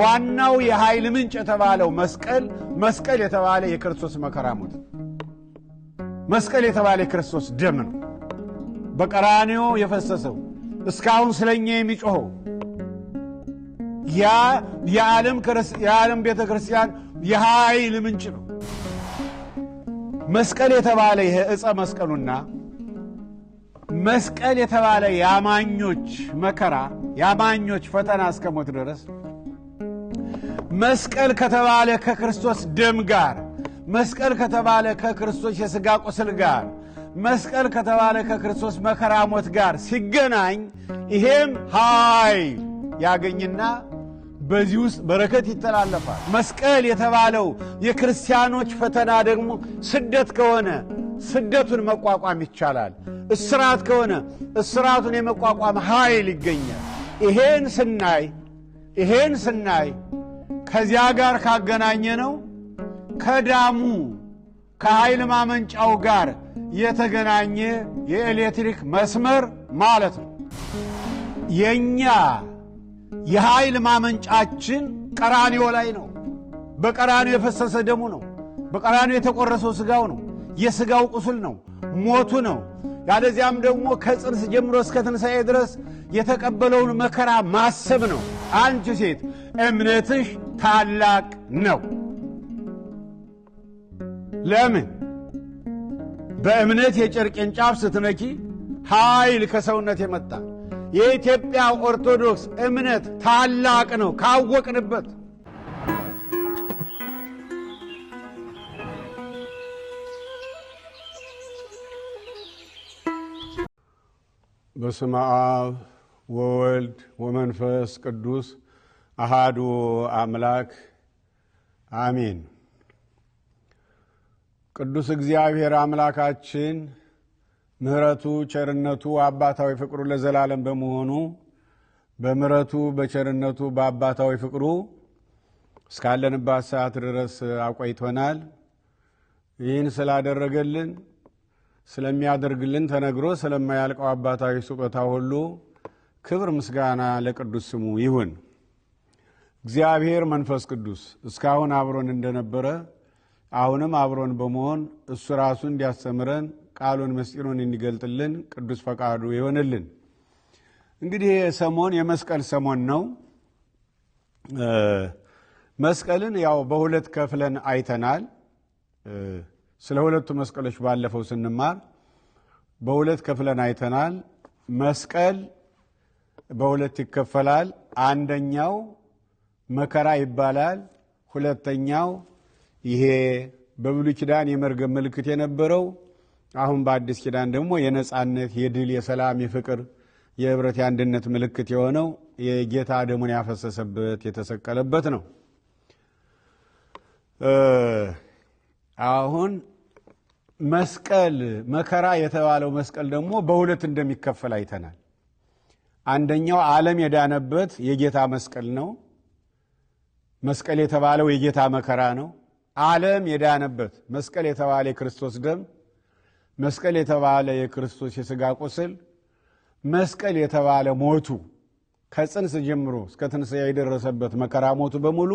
ዋናው የኃይል ምንጭ የተባለው መስቀል መስቀል የተባለ የክርስቶስ መከራ ሞት፣ መስቀል የተባለ የክርስቶስ ደም ነው። በቀራንዮ የፈሰሰው እስካሁን ስለኛ የሚጮኸው ያ የዓለም ቤተ ክርስቲያን የኃይል ምንጭ ነው። መስቀል የተባለ ይሄ ዕፀ መስቀሉና መስቀል የተባለ የአማኞች መከራ የአማኞች ፈተና እስከ ሞት ድረስ መስቀል ከተባለ ከክርስቶስ ደም ጋር መስቀል ከተባለ ከክርስቶስ የሥጋ ቁስል ጋር መስቀል ከተባለ ከክርስቶስ መከራ ሞት ጋር ሲገናኝ ይሄም ሃይ ያገኝና በዚህ ውስጥ በረከት ይተላለፋል። መስቀል የተባለው የክርስቲያኖች ፈተና ደግሞ ስደት ከሆነ ስደቱን መቋቋም ይቻላል። እስራት ከሆነ እስራቱን የመቋቋም ኃይል ይገኛል። ይሄን ስናይ ይሄን ስናይ ከዚያ ጋር ካገናኘ ነው ከዳሙ ከኃይል ማመንጫው ጋር የተገናኘ የኤሌክትሪክ መስመር ማለት ነው። የእኛ የኃይል ማመንጫችን ቀራንዮ ላይ ነው። በቀራንዮ የፈሰሰ ደሙ ነው። በቀራንዮ የተቆረሰው ስጋው ነው። የስጋው ቁስል ነው፣ ሞቱ ነው። ያለዚያም ደግሞ ከጽንስ ጀምሮ እስከ ትንሣኤ ድረስ የተቀበለውን መከራ ማሰብ ነው። አንቺ ሴት እምነትሽ ታላቅ ነው። ለምን? በእምነት የጨርቄን ጫፍ ስትነኪ ኃይል ከሰውነት የመጣ የኢትዮጵያ ኦርቶዶክስ እምነት ታላቅ ነው ካወቅንበት በስመ አብ ወወልድ ወመንፈስ ቅዱስ አሃዱ አምላክ አሚን ቅዱስ እግዚአብሔር አምላካችን ምሕረቱ፣ ቸርነቱ፣ አባታዊ ፍቅሩ ለዘላለም በመሆኑ በምሕረቱ በቸርነቱ በአባታዊ ፍቅሩ እስካለንባት ሰዓት ድረስ አቆይቶናል። ይህን ስላደረገልን ስለሚያደርግልን ተነግሮ ስለማያልቀው አባታዊ ስጦታ ሁሉ ክብር ምስጋና ለቅዱስ ስሙ ይሁን። እግዚአብሔር መንፈስ ቅዱስ እስካሁን አብሮን እንደነበረ አሁንም አብሮን በመሆን እሱ ራሱ እንዲያስተምረን ቃሉን መስጢሩን እንዲገልጥልን ቅዱስ ፈቃዱ ይሆንልን። እንግዲህ ይህ ሰሞን የመስቀል ሰሞን ነው። መስቀልን ያው በሁለት ከፍለን አይተናል። ስለ ሁለቱ መስቀሎች ባለፈው ስንማር በሁለት ከፍለን አይተናል። መስቀል በሁለት ይከፈላል። አንደኛው መከራ ይባላል። ሁለተኛው ይሄ በብሉይ ኪዳን የመርገም ምልክት የነበረው አሁን በአዲስ ኪዳን ደግሞ የነጻነት፣ የድል፣ የሰላም፣ የፍቅር፣ የህብረት፣ የአንድነት ምልክት የሆነው የጌታ ደሙን ያፈሰሰበት የተሰቀለበት ነው። አሁን መስቀል መከራ የተባለው መስቀል ደግሞ በሁለት እንደሚከፈል አይተናል። አንደኛው ዓለም የዳነበት የጌታ መስቀል ነው። መስቀል የተባለው የጌታ መከራ ነው። ዓለም የዳነበት መስቀል የተባለ የክርስቶስ ደም፣ መስቀል የተባለ የክርስቶስ የሥጋ ቁስል፣ መስቀል የተባለ ሞቱ ከጽንስ ጀምሮ እስከ ትንሣኤ የደረሰበት መከራ ሞቱ በሙሉ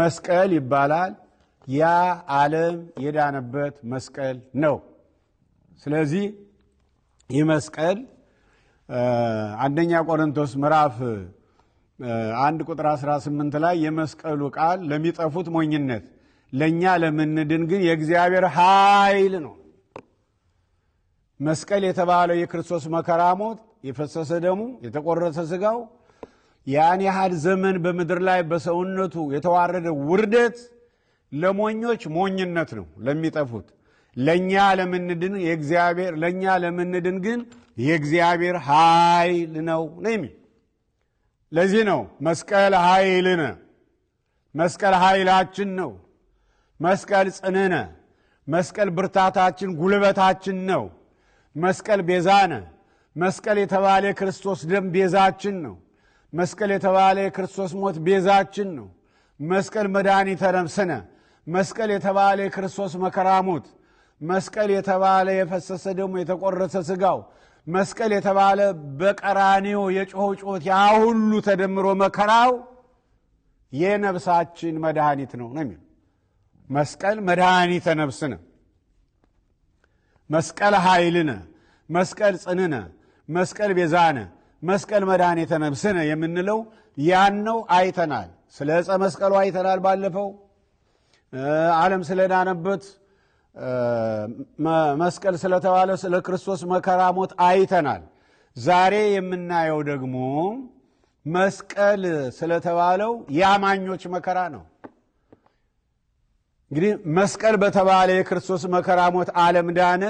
መስቀል ይባላል። ያ ዓለም የዳነበት መስቀል ነው። ስለዚህ ይህ መስቀል አንደኛ ቆሮንቶስ ምዕራፍ አንድ ቁጥር 18 ላይ የመስቀሉ ቃል ለሚጠፉት ሞኝነት ለእኛ ለምንድን ግን የእግዚአብሔር ኃይል ነው። መስቀል የተባለው የክርስቶስ መከራ፣ ሞት፣ የፈሰሰ ደሙ፣ የተቆረሰ ስጋው ያን ያህል ዘመን በምድር ላይ በሰውነቱ የተዋረደ ውርደት ለሞኞች ሞኝነት ነው፣ ለሚጠፉት ለእኛ ለምንድን የእግዚአብሔር ለእኛ ለምንድን ግን የእግዚአብሔር ኃይል ነው ነው የሚል ለዚህ ነው መስቀል ኃይልነ መስቀል ኃይላችን ነው። መስቀል ጽንነ መስቀል ብርታታችን፣ ጉልበታችን ነው። መስቀል ቤዛነ መስቀል የተባለ የክርስቶስ ደም ቤዛችን ነው። መስቀል የተባለ የክርስቶስ ሞት ቤዛችን ነው። መስቀል መድኃኒተ ነፍስነ መስቀል የተባለ የክርስቶስ መከራ ሞት መስቀል የተባለ የፈሰሰ ደግሞ የተቆረሰ ስጋው መስቀል የተባለ በቀራኔው የጮኸው ጮት ያ ሁሉ ተደምሮ መከራው የነብሳችን መድኃኒት ነው ነው የሚለው መስቀል መድኃኒተ ነብስነ መስቀል ኃይልነ መስቀል ጽንነ መስቀል ቤዛነ መስቀል መድኃኒተ ነብስነ የምንለው ያን ነው። አይተናል። ስለ ዕፀ መስቀሉ አይተናል። ባለፈው ዓለም ስለዳነበት መስቀል ስለተባለ ስለ ክርስቶስ መከራ ሞት አይተናል። ዛሬ የምናየው ደግሞ መስቀል ስለተባለው የአማኞች መከራ ነው። እንግዲህ መስቀል በተባለ የክርስቶስ መከራ ሞት አለም ዳነ።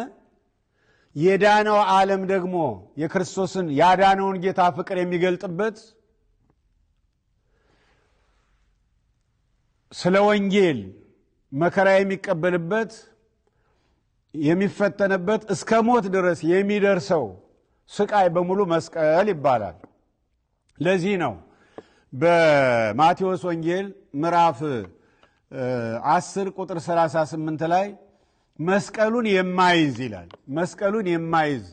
የዳነው ዓለም ደግሞ የክርስቶስን ያዳነውን ጌታ ፍቅር የሚገልጥበት ስለ ወንጌል መከራ የሚቀበልበት የሚፈተንበት እስከ ሞት ድረስ የሚደርሰው ስቃይ በሙሉ መስቀል ይባላል። ለዚህ ነው በማቴዎስ ወንጌል ምዕራፍ 10 ቁጥር 38 ላይ መስቀሉን የማይዝ ይላል። መስቀሉን የማይዝ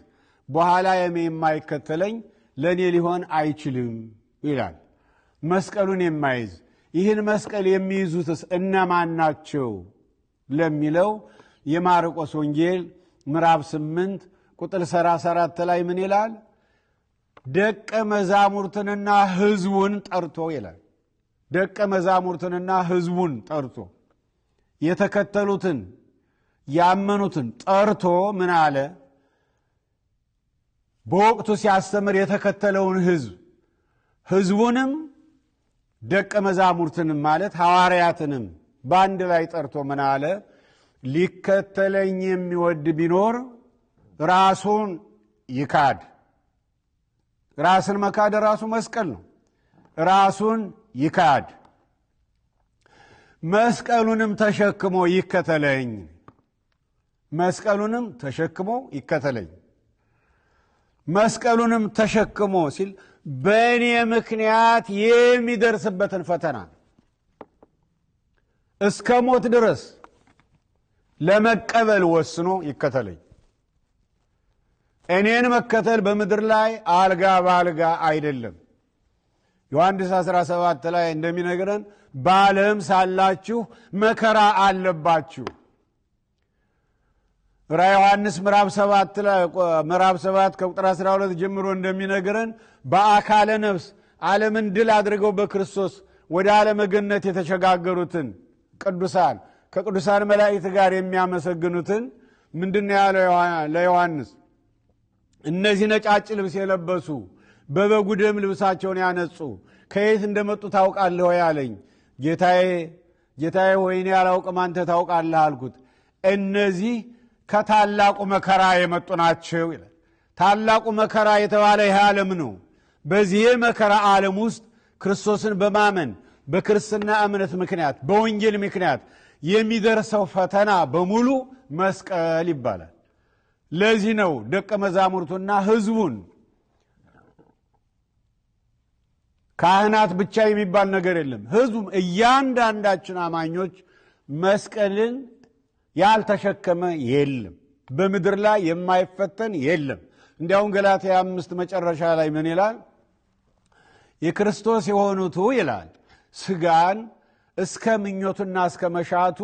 በኋላ የማይከተለኝ ለእኔ ሊሆን አይችልም ይላል። መስቀሉን የማይዝ ይህን መስቀል የሚይዙትስ እነማን ናቸው ለሚለው የማርቆስ ወንጌል ምዕራፍ ስምንት ቁጥር 34 ላይ ምን ይላል? ደቀ መዛሙርትንና ህዝቡን ጠርቶ ይላል። ደቀ መዛሙርትንና ህዝቡን ጠርቶ የተከተሉትን ያመኑትን ጠርቶ ምን አለ? በወቅቱ ሲያስተምር የተከተለውን ህዝብ ህዝቡንም ደቀ መዛሙርትንም ማለት ሐዋርያትንም በአንድ ላይ ጠርቶ ምን አለ? ሊከተለኝ የሚወድ ቢኖር ራሱን ይካድ። ራስን መካድ ራሱ መስቀል ነው። ራሱን ይካድ፣ መስቀሉንም ተሸክሞ ይከተለኝ። መስቀሉንም ተሸክሞ ይከተለኝ። መስቀሉንም ተሸክሞ ሲል በእኔ ምክንያት የሚደርስበትን ፈተና እስከ ሞት ድረስ ለመቀበል ወስኖ ይከተለኝ። እኔን መከተል በምድር ላይ አልጋ በአልጋ አይደለም። ዮሐንስ 17 ላይ እንደሚነግረን በዓለም ሳላችሁ መከራ አለባችሁ። ራ ዮሐንስ ምዕራብ 7 ላይ 7 ከቁጥር 12 ጀምሮ እንደሚነግረን በአካለ ነፍስ ዓለምን ድል አድርገው በክርስቶስ ወደ ዓለመ ገነት የተሸጋገሩትን ቅዱሳን ከቅዱሳን መላእክት ጋር የሚያመሰግኑትን ምንድን ያለው ለዮሐንስ እነዚህ ነጫጭ ልብስ የለበሱ በበጉ ደም ልብሳቸውን ያነጹ ከየት እንደመጡ ታውቃለህ ወይ አለኝ። ጌታዬ ጌታዬ ሆይ እኔ አላውቅም፣ አንተ ታውቃለህ አልኩት። እነዚህ ከታላቁ መከራ የመጡ ናቸው ይላል። ታላቁ መከራ የተባለ ይህ ዓለም ነው። በዚህ መከራ ዓለም ውስጥ ክርስቶስን በማመን በክርስትና እምነት ምክንያት በወንጌል ምክንያት የሚደርሰው ፈተና በሙሉ መስቀል ይባላል። ለዚህ ነው ደቀ መዛሙርቱና ሕዝቡን ካህናት ብቻ የሚባል ነገር የለም። ሕዝቡም እያንዳንዳችን አማኞች መስቀልን ያልተሸከመ የለም። በምድር ላይ የማይፈተን የለም። እንዲያውም ገላትያ አምስት መጨረሻ ላይ ምን ይላል? የክርስቶስ የሆኑቱ ይላል ስጋን እስከ ምኞቱና እስከ መሻቱ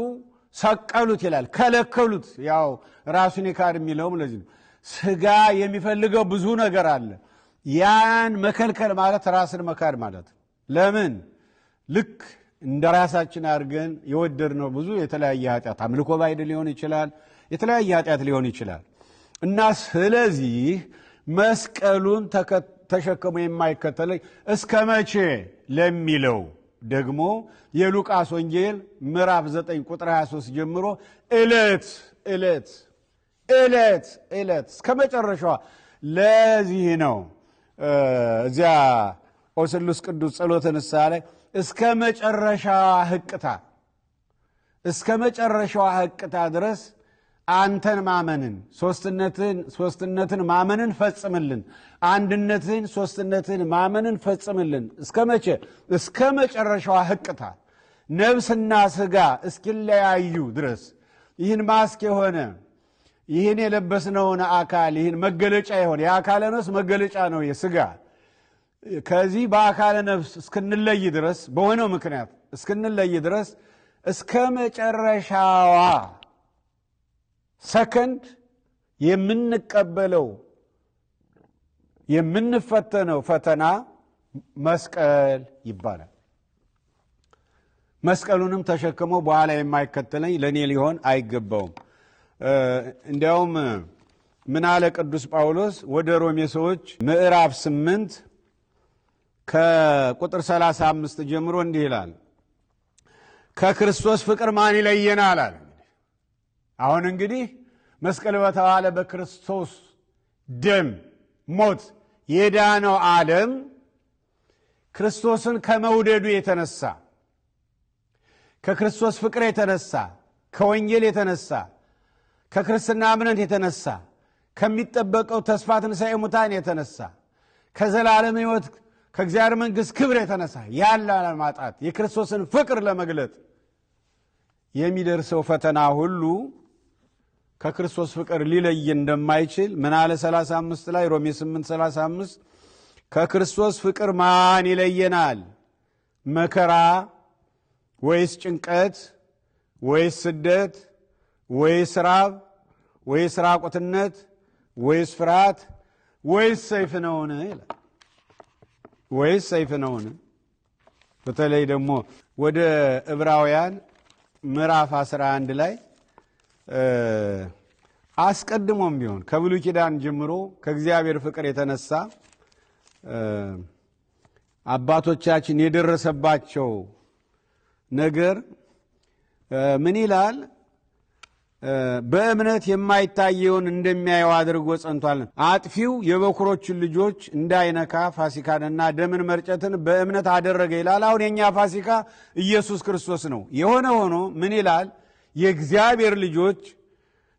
ሰቀሉት ይላል። ከለከሉት። ያው ራሱን የካድ የሚለውም ለዚህ ነው። ስጋ የሚፈልገው ብዙ ነገር አለ። ያን መከልከል ማለት ራስን መካድ ማለት ለምን ልክ እንደ ራሳችን አድርገን የወደድ ነው ብዙ የተለያየ ኃጢአት፣ አምልኮ ባዕድ ሊሆን ይችላል፣ የተለያየ ኃጢአት ሊሆን ይችላል እና ስለዚህ መስቀሉን ተሸክሞ የማይከተለኝ እስከ መቼ ለሚለው ደግሞ የሉቃስ ወንጌል ምዕራፍ 9 ቁጥር 23 ጀምሮ እለት እለት እለት እለት እስከ መጨረሻዋ ለዚህ ነው እዚያ ኦስሉስ ቅዱስ ጸሎተ ንስሐ ላይ እስከ መጨረሻዋ ህቅታ እስከ መጨረሻዋ ህቅታ ድረስ አንተን ማመንን ሶስትነትን ሶስትነትን ማመንን ፈጽምልን። አንድነትን ሶስትነትን ማመንን ፈጽምልን። እስከ መቼ? እስከ መጨረሻዋ ህቅታ ነብስና ስጋ እስኪለያዩ ድረስ ይህን ማስክ የሆነ ይህን የለበስነውን አካል ይህን መገለጫ የሆነ የአካለ ነፍስ መገለጫ ነው የስጋ ከዚህ በአካለ ነፍስ እስክንለይ ድረስ በሆነው ምክንያት እስክንለይ ድረስ እስከ መጨረሻዋ ሰከንድ የምንቀበለው የምንፈተነው ፈተና መስቀል ይባላል። መስቀሉንም ተሸክሞ በኋላ የማይከተለኝ ለእኔ ሊሆን አይገባውም። እንዲያውም ምን አለ ቅዱስ ጳውሎስ ወደ ሮሜ ሰዎች ምዕራፍ ስምንት ከቁጥር ሰላሳ አምስት ጀምሮ እንዲህ ይላል፣ ከክርስቶስ ፍቅር ማን ይለየናል? አሁን እንግዲህ መስቀል በተባለ በክርስቶስ ደም ሞት የዳነው ዓለም ክርስቶስን ከመውደዱ የተነሳ ከክርስቶስ ፍቅር የተነሳ ከወንጌል የተነሳ ከክርስትና እምነት የተነሳ ከሚጠበቀው ተስፋ ትንሣኤ ሙታን የተነሳ ከዘላለም ሕይወት ከእግዚአብሔር መንግሥት ክብር የተነሳ ያለ ላለማጣት የክርስቶስን ፍቅር ለመግለጥ የሚደርሰው ፈተና ሁሉ ከክርስቶስ ፍቅር ሊለይ እንደማይችል ምን አለ 35 ላይ ሮሜ 8 35 ከክርስቶስ ፍቅር ማን ይለየናል? መከራ ወይስ ጭንቀት ወይስ ስደት ወይስ ራብ ወይስ ራቁትነት ወይስ ፍርሃት ወይስ ሰይፍ ነውን? ይላል ወይስ ሰይፍ ነውን? በተለይ ደግሞ ወደ ዕብራውያን ምዕራፍ 11 ላይ አስቀድሞም ቢሆን ከብሉይ ኪዳን ጀምሮ ከእግዚአብሔር ፍቅር የተነሳ አባቶቻችን የደረሰባቸው ነገር ምን ይላል? በእምነት የማይታየውን እንደሚያየው አድርጎ ጸንቷል። አጥፊው የበኩሮችን ልጆች እንዳይነካ ፋሲካንና ደምን መርጨትን በእምነት አደረገ ይላል። አሁን የእኛ ፋሲካ ኢየሱስ ክርስቶስ ነው። የሆነ ሆኖ ምን ይላል? የእግዚአብሔር ልጆች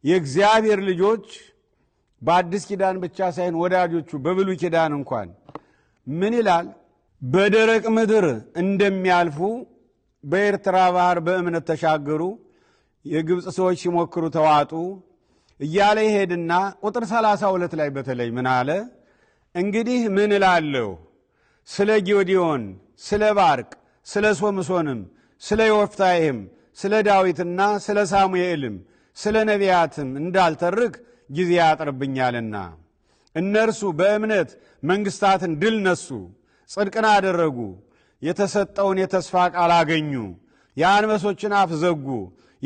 የእግዚአብሔር ልጆች በአዲስ ኪዳን ብቻ ሳይሆን ወዳጆቹ በብሉ ኪዳን እንኳን ምን ይላል? በደረቅ ምድር እንደሚያልፉ በኤርትራ ባህር በእምነት ተሻገሩ፣ የግብፅ ሰዎች ሲሞክሩ ተዋጡ እያለ ይሄድና ቁጥር ሰላሳ ሁለት ላይ በተለይ ምን አለ? እንግዲህ ምን እላለሁ ስለ ጊዮዲዮን፣ ስለ ባርቅ ስለ ሶምሶንም ስለ ዮፍታይህም ስለ ዳዊትና ስለ ሳሙኤልም ስለ ነቢያትም እንዳልተርክ ጊዜ ያጥርብኛልና እነርሱ በእምነት መንግሥታትን ድል ነሱ፣ ጽድቅን አደረጉ፣ የተሰጠውን የተስፋ ቃል አገኙ፣ የአንበሶችን አፍ ዘጉ፣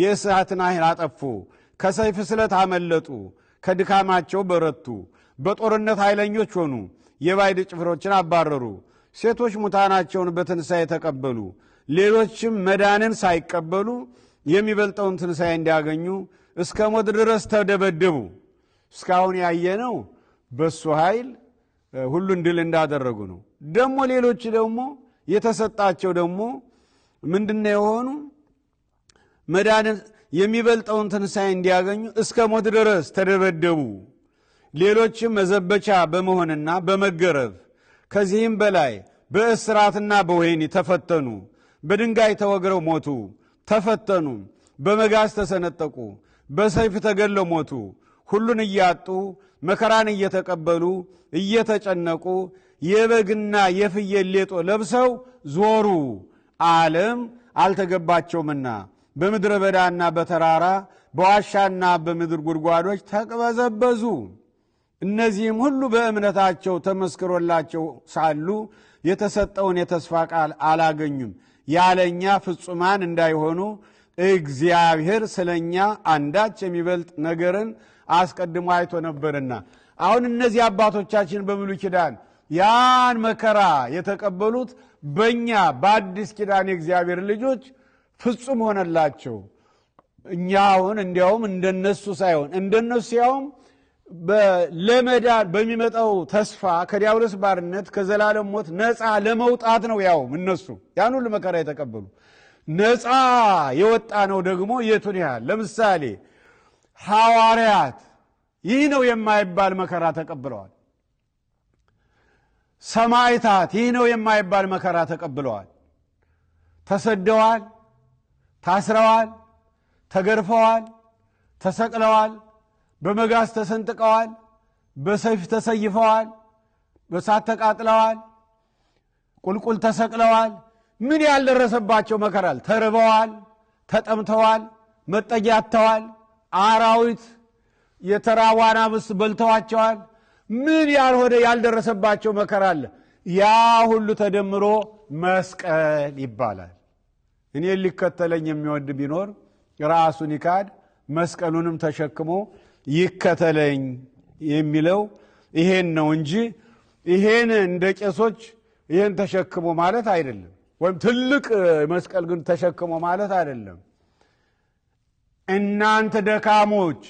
የእሳትን አይን አጠፉ፣ ከሰይፍ ስለት አመለጡ፣ ከድካማቸው በረቱ፣ በጦርነት ኃይለኞች ሆኑ፣ የባይድ ጭፍሮችን አባረሩ፣ ሴቶች ሙታናቸውን በትንሣኤ ተቀበሉ። ሌሎችም መዳንን ሳይቀበሉ የሚበልጠውን ትንሣኤ እንዲያገኙ እስከ ሞት ድረስ ተደበደቡ። እስካሁን ያየነው በሱ ኃይል ሁሉን ድል እንዳደረጉ ነው። ደግሞ ሌሎች ደግሞ የተሰጣቸው ደግሞ ምንድነው የሆኑ መዳንን የሚበልጠውን ትንሣኤ እንዲያገኙ እስከ ሞት ድረስ ተደበደቡ። ሌሎችም መዘበቻ በመሆንና በመገረፍ ከዚህም በላይ በእስራትና በወህኒ ተፈተኑ። በድንጋይ ተወግረው ሞቱ፣ ተፈተኑ፣ በመጋዝ ተሰነጠቁ፣ በሰይፍ ተገለው ሞቱ። ሁሉን እያጡ መከራን እየተቀበሉ እየተጨነቁ የበግና የፍየል ሌጦ ለብሰው ዞሩ። ዓለም አልተገባቸውምና በምድረ በዳና በተራራ በዋሻና በምድር ጉድጓዶች ተቅበዘበዙ። እነዚህም ሁሉ በእምነታቸው ተመስክሮላቸው ሳሉ የተሰጠውን የተስፋ ቃል አላገኙም። ያለኛ ፍጹማን እንዳይሆኑ እግዚአብሔር ስለኛ አንዳች የሚበልጥ ነገርን አስቀድሞ አይቶ ነበርና አሁን እነዚህ አባቶቻችን በብሉይ ኪዳን ያን መከራ የተቀበሉት በእኛ በአዲስ ኪዳን የእግዚአብሔር ልጆች ፍጹም ሆነላቸው። እኛ አሁን እንዲያውም እንደነሱ ሳይሆን እንደነሱ ያውም ለመዳን በሚመጣው ተስፋ ከዲያብሎስ ባርነት ከዘላለም ሞት ነፃ ለመውጣት ነው። ያው እነሱ ያን ሁሉ መከራ የተቀበሉ ነፃ የወጣ ነው ደግሞ የቱን ያህል ለምሳሌ ሐዋርያት ይህ ነው የማይባል መከራ ተቀብለዋል። ሰማይታት ይህ ነው የማይባል መከራ ተቀብለዋል። ተሰደዋል፣ ታስረዋል፣ ተገርፈዋል፣ ተሰቅለዋል በመጋዝ ተሰንጥቀዋል፣ በሰይፍ ተሰይፈዋል፣ በሳት ተቃጥለዋል፣ ቁልቁል ተሰቅለዋል። ምን ያልደረሰባቸው መከራል። ተርበዋል፣ ተጠምተዋል፣ መጠጊያተዋል አራዊት የተራዋና ምስ በልተዋቸዋል። ምን ያልሆነ ያልደረሰባቸው መከራ አለ። ያ ሁሉ ተደምሮ መስቀል ይባላል። እኔ ሊከተለኝ የሚወድ ቢኖር ራሱን ይካድ መስቀሉንም ተሸክሞ ይከተለኝ የሚለው ይሄን ነው እንጂ ይሄን እንደ ቄሶች ይሄን ተሸክሞ ማለት አይደለም። ወይም ትልቅ መስቀል ግን ተሸክሞ ማለት አይደለም። እናንተ ደካሞች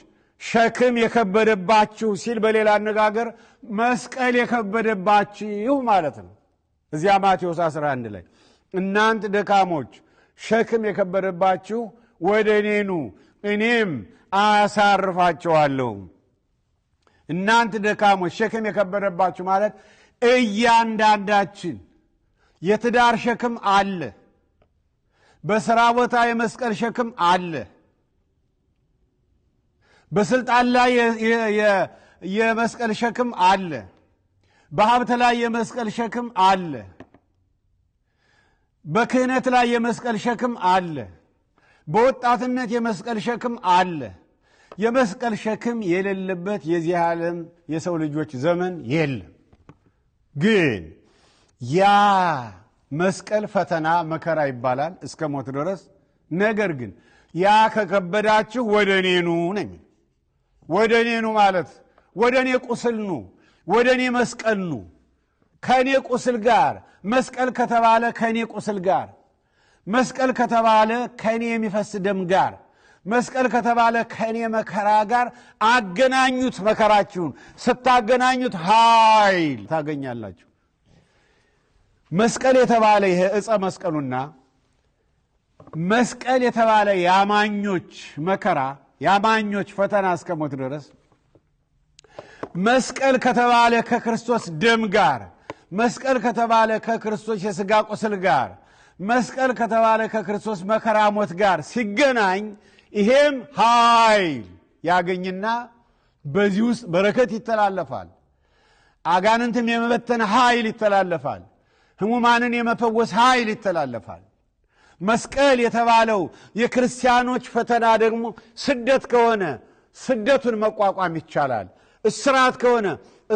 ሸክም የከበደባችሁ ሲል በሌላ አነጋገር መስቀል የከበደባችሁ ማለት ነው። እዚያ ማቴዎስ 11 ላይ እናንተ ደካሞች ሸክም የከበደባችሁ ወደ እኔ ኑ እኔም አሳርፋችኋለሁ። እናንተ ደካሞች፣ ሸክም የከበደባችሁ ማለት እያንዳንዳችን የትዳር ሸክም አለ። በስራ ቦታ የመስቀል ሸክም አለ። በስልጣን ላይ የመስቀል ሸክም አለ። በሀብት ላይ የመስቀል ሸክም አለ። በክህነት ላይ የመስቀል ሸክም አለ። በወጣትነት የመስቀል ሸክም አለ። የመስቀል ሸክም የሌለበት የዚህ ዓለም የሰው ልጆች ዘመን የለም። ግን ያ መስቀል ፈተና መከራ ይባላል እስከ ሞት ድረስ። ነገር ግን ያ ከከበዳችሁ ወደ እኔኑ ነው የሚል። ወደ እኔኑ ማለት ወደ እኔ ቁስል ኑ፣ ወደ እኔ መስቀል ኑ። ከእኔ ቁስል ጋር መስቀል ከተባለ ከእኔ ቁስል ጋር መስቀል ከተባለ ከእኔ የሚፈስ ደም ጋር መስቀል ከተባለ ከእኔ መከራ ጋር አገናኙት። መከራችሁን ስታገናኙት ሀይል ታገኛላችሁ። መስቀል የተባለ ይሄ እፀ መስቀሉና መስቀል የተባለ የአማኞች መከራ የአማኞች ፈተና እስከ ሞት ድረስ መስቀል ከተባለ ከክርስቶስ ደም ጋር መስቀል ከተባለ ከክርስቶስ የሥጋ ቁስል ጋር መስቀል ከተባለ ከክርስቶስ መከራሞት ጋር ሲገናኝ ይሄም ኃይል ያገኝና በዚህ ውስጥ በረከት ይተላለፋል። አጋንንትም የመበተን ኃይል ይተላለፋል። ህሙማንን የመፈወስ ኃይል ይተላለፋል። መስቀል የተባለው የክርስቲያኖች ፈተና ደግሞ ስደት ከሆነ ስደቱን መቋቋም ይቻላል። እስራት ከሆነ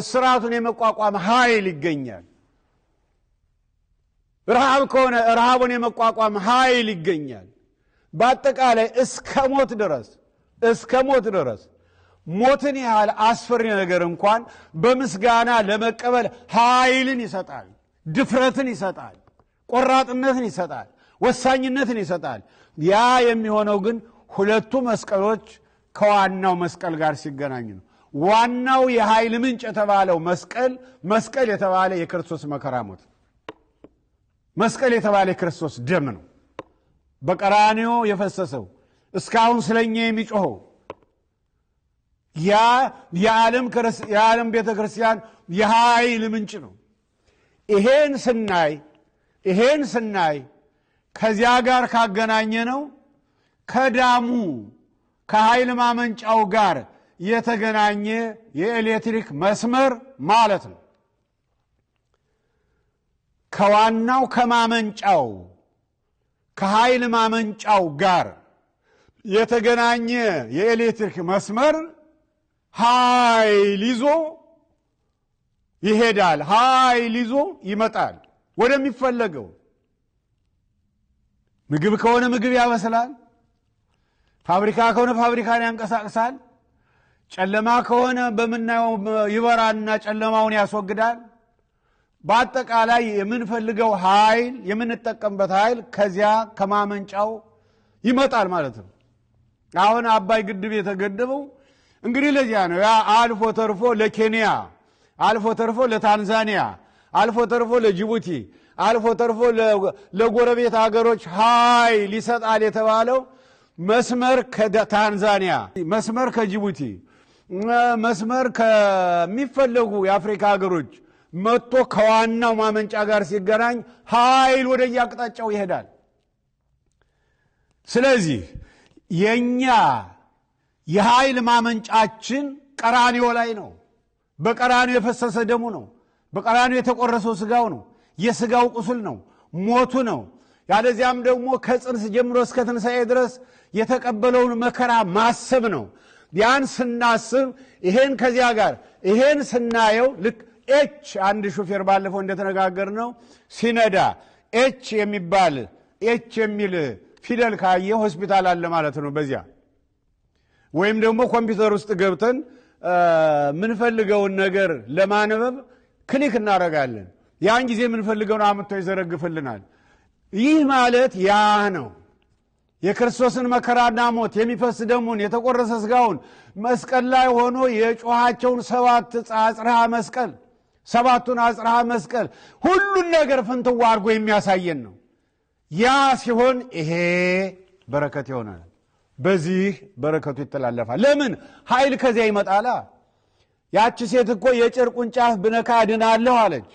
እስራቱን የመቋቋም ኃይል ይገኛል። ረሃብ ከሆነ ረሃቡን የመቋቋም ኃይል ይገኛል። በአጠቃላይ እስከ ሞት ድረስ እስከ ሞት ድረስ ሞትን ያህል አስፈሪ ነገር እንኳን በምስጋና ለመቀበል ኃይልን ይሰጣል፣ ድፍረትን ይሰጣል፣ ቆራጥነትን ይሰጣል፣ ወሳኝነትን ይሰጣል። ያ የሚሆነው ግን ሁለቱ መስቀሎች ከዋናው መስቀል ጋር ሲገናኝ ነው። ዋናው የኃይል ምንጭ የተባለው መስቀል መስቀል የተባለ የክርስቶስ መከራ ሞት መስቀል የተባለ የክርስቶስ ደም ነው። በቀራኒዮ የፈሰሰው እስካሁን ስለኛ የሚጮኸው ያ የዓለም ቤተ ክርስቲያን የኃይል ምንጭ ነው። ይሄን ስናይ ይሄን ስናይ ከዚያ ጋር ካገናኘ ነው ከዳሙ ከኃይል ማመንጫው ጋር የተገናኘ የኤሌክትሪክ መስመር ማለት ነው። ከዋናው ከማመንጫው ከኃይል ማመንጫው ጋር የተገናኘ የኤሌክትሪክ መስመር ኃይል ይዞ ይሄዳል፣ ኃይል ይዞ ይመጣል ወደሚፈለገው። ምግብ ከሆነ ምግብ ያበስላል። ፋብሪካ ከሆነ ፋብሪካን ያንቀሳቅሳል። ጨለማ ከሆነ በምናየው ይበራና ጨለማውን ያስወግዳል። በአጠቃላይ የምንፈልገው ኃይል የምንጠቀምበት ኃይል ከዚያ ከማመንጫው ይመጣል ማለት ነው። አሁን አባይ ግድብ የተገደበው እንግዲህ ለዚያ ነው። ያ አልፎ ተርፎ ለኬንያ፣ አልፎ ተርፎ ለታንዛኒያ፣ አልፎ ተርፎ ለጅቡቲ፣ አልፎ ተርፎ ለጎረቤት ሀገሮች ኃይል ይሰጣል የተባለው መስመር ከታንዛኒያ፣ መስመር ከጅቡቲ፣ መስመር ከሚፈለጉ የአፍሪካ ሀገሮች መጥቶ ከዋናው ማመንጫ ጋር ሲገናኝ ኃይል ወደ እያቅጣጫው ይሄዳል። ስለዚህ የእኛ የኃይል ማመንጫችን ቀራንዮ ላይ ነው። በቀራንዮ የፈሰሰ ደሙ ነው። በቀራንዮ የተቆረሰው ስጋው ነው። የስጋው ቁስል ነው፣ ሞቱ ነው። ያለዚያም ደግሞ ከጽንስ ጀምሮ እስከ ትንሣኤ ድረስ የተቀበለውን መከራ ማሰብ ነው። ያን ስናስብ ይሄን ከዚያ ጋር ይሄን ስናየው ልክ ኤች አንድ ሹፌር ባለፈው እንደተነጋገር ነው ሲነዳ ኤች የሚባል ኤች የሚል ፊደል ካየ ሆስፒታል አለ ማለት ነው። በዚያ ወይም ደግሞ ኮምፒውተር ውስጥ ገብተን ምንፈልገውን ነገር ለማንበብ ክሊክ እናደርጋለን። ያን ጊዜ የምንፈልገውን አምጥቶ ይዘረግፍልናል። ይህ ማለት ያ ነው። የክርስቶስን መከራና ሞት የሚፈስ ደሙን የተቆረሰ ስጋውን መስቀል ላይ ሆኖ የጮኋቸውን ሰባት ጻጽርሃ መስቀል ሰባቱን አጽርሃ መስቀል ሁሉን ነገር ፍንትዋ አድርጎ የሚያሳየን ነው። ያ ሲሆን ይሄ በረከት ይሆናል። በዚህ በረከቱ ይተላለፋል። ለምን ኃይል ከዚያ ይመጣላ። ያቺ ሴት እኮ የጨርቁን ጫፍ ብነካ ድናለሁ አለች።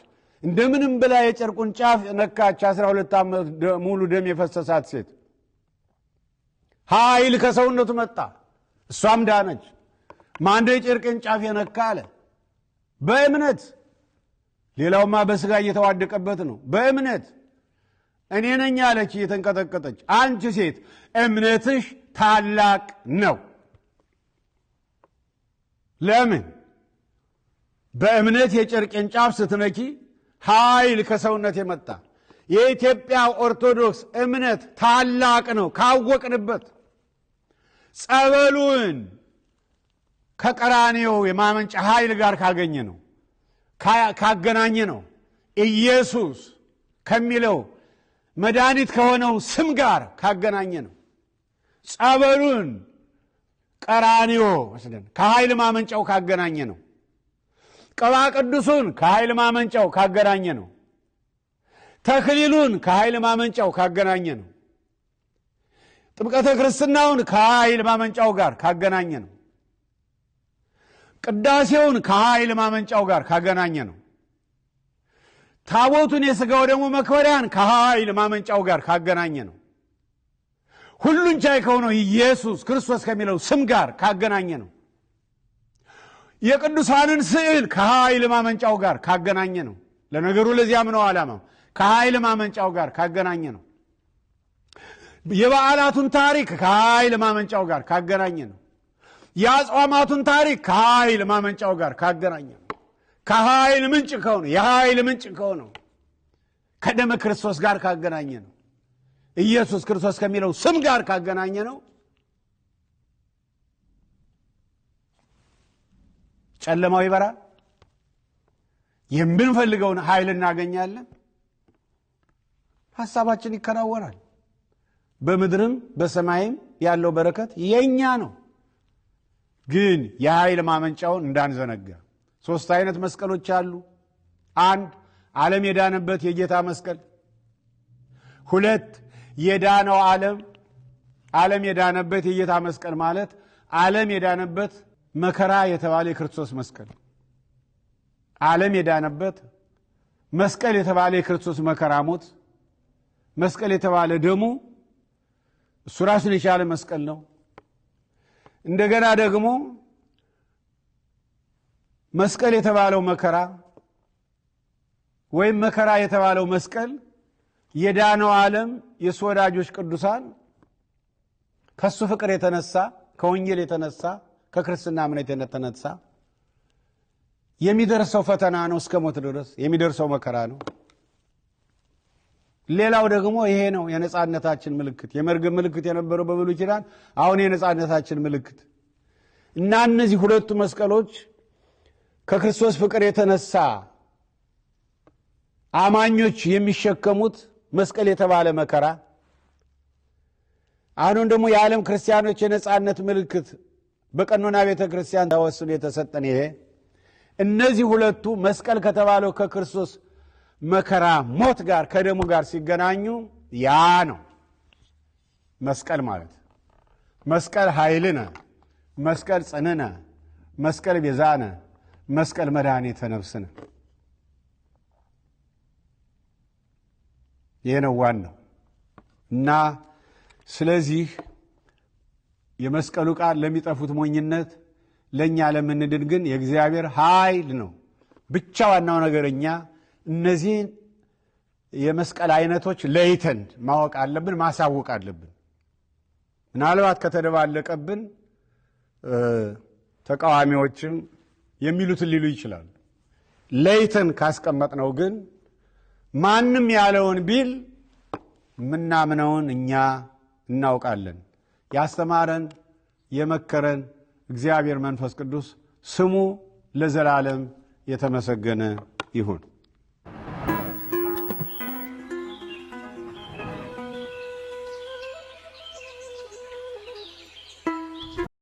እንደምንም ብላ የጨርቁን ጫፍ ነካች። አስራ ሁለት ዓመት ሙሉ ደም የፈሰሳት ሴት ኃይል ከሰውነቱ መጣ፣ እሷም ዳነች። ማንደ የጨርቅን ጫፍ የነካ አለ በእምነት ሌላውማ በስጋ እየተዋደቀበት ነው። በእምነት እኔ ነኝ አለች እየተንቀጠቀጠች፣ አንቺ ሴት እምነትሽ ታላቅ ነው። ለምን በእምነት የጨርቄን ጫፍ ስትነኪ ኃይል ከሰውነት የመጣ የኢትዮጵያ ኦርቶዶክስ እምነት ታላቅ ነው። ካወቅንበት ጸበሉን ከቀራኔው የማመንጫ ኃይል ጋር ካገኘ ነው። ካገናኘ ነው ኢየሱስ ከሚለው መድኃኒት ከሆነው ስም ጋር ካገናኘ ነው። ጸበሉን ቀራኒዮ ከኃይል ማመንጫው ካገናኘ ነው። ቅባ ቅዱሱን ከኃይል ማመንጫው ካገናኘ ነው። ተክሊሉን ከኃይል ማመንጫው ካገናኘ ነው። ጥምቀተ ክርስትናውን ከኃይል ማመንጫው ጋር ካገናኘ ነው። ቅዳሴውን ከኃይል ማመንጫው ጋር ካገናኘ ነው። ታቦቱን የሥጋው ደግሞ መክበሪያን ከኃይል ማመንጫው ጋር ካገናኘ ነው። ሁሉን ቻይ ከሆነው ኢየሱስ ክርስቶስ ከሚለው ስም ጋር ካገናኘ ነው። የቅዱሳንን ስዕል ከኃይል ማመንጫው ጋር ካገናኘ ነው። ለነገሩ ለዚያ ምነው ዓላማው። ከኃይል ማመንጫው ጋር ካገናኘ ነው። የበዓላቱን ታሪክ ከኃይል ማመንጫው ጋር ካገናኘ ነው። የአጽዋማቱን ታሪክ ከኃይል ማመንጫው ጋር ካገናኘ ከኃይል ምንጭ ከሆነ የኃይል ምንጭ ከሆነ ከደመ ክርስቶስ ጋር ካገናኘ ነው ኢየሱስ ክርስቶስ ከሚለው ስም ጋር ካገናኘ ነው ጨለማው ይበራል። የምንፈልገውን ኃይል እናገኛለን። ሀሳባችን ይከናወናል። በምድርም በሰማይም ያለው በረከት የእኛ ነው። ግን የኃይል ማመንጫውን እንዳንዘነጋ። ሶስት አይነት መስቀሎች አሉ። አንድ ዓለም የዳነበት የጌታ መስቀል፣ ሁለት የዳነው ዓለም ዓለም የዳነበት የጌታ መስቀል ማለት ዓለም የዳነበት መከራ የተባለ የክርስቶስ መስቀል ዓለም የዳነበት መስቀል የተባለ የክርስቶስ መከራ ሞት፣ መስቀል የተባለ ደሙ እሱ ራሱን የቻለ መስቀል ነው። እንደገና ደግሞ መስቀል የተባለው መከራ ወይም መከራ የተባለው መስቀል የዳነው ዓለም የእሱ ወዳጆች ቅዱሳን ከእሱ ፍቅር የተነሳ ከወንጌል የተነሳ ከክርስትና እምነት የተነሳ የሚደርሰው ፈተና ነው። እስከ ሞት ድረስ የሚደርሰው መከራ ነው። ሌላው ደግሞ ይሄ ነው የነፃነታችን ምልክት። የመርግ ምልክት የነበረው በብሉይ ኪዳን አሁን የነፃነታችን ምልክት እና እነዚህ ሁለቱ መስቀሎች ከክርስቶስ ፍቅር የተነሳ አማኞች የሚሸከሙት መስቀል የተባለ መከራ አሁንም ደግሞ የዓለም ክርስቲያኖች የነፃነት ምልክት በቀኖና ቤተ ክርስቲያን ተወስኖ የተሰጠን ይሄ እነዚህ ሁለቱ መስቀል ከተባለው ከክርስቶስ መከራ ሞት ጋር ከደሙ ጋር ሲገናኙ ያ ነው መስቀል ማለት። መስቀል ኃይልነ፣ መስቀል ጽንነ መስቀል ቤዛነ፣ መስቀል መድኃኒተ ነፍስነ። ይህ ነው ዋናው እና ስለዚህ የመስቀሉ ቃል ለሚጠፉት ሞኝነት፣ ለእኛ ለምንድን ግን የእግዚአብሔር ኃይል ነው ብቻ ዋናው እኛ እነዚህን የመስቀል አይነቶች ለይተን ማወቅ አለብን፣ ማሳወቅ አለብን። ምናልባት ከተደባለቀብን ተቃዋሚዎችም የሚሉትን ሊሉ ይችላሉ። ለይተን ካስቀመጥነው ግን ማንም ያለውን ቢል የምናምነውን እኛ እናውቃለን። ያስተማረን የመከረን እግዚአብሔር መንፈስ ቅዱስ ስሙ ለዘላለም የተመሰገነ ይሁን።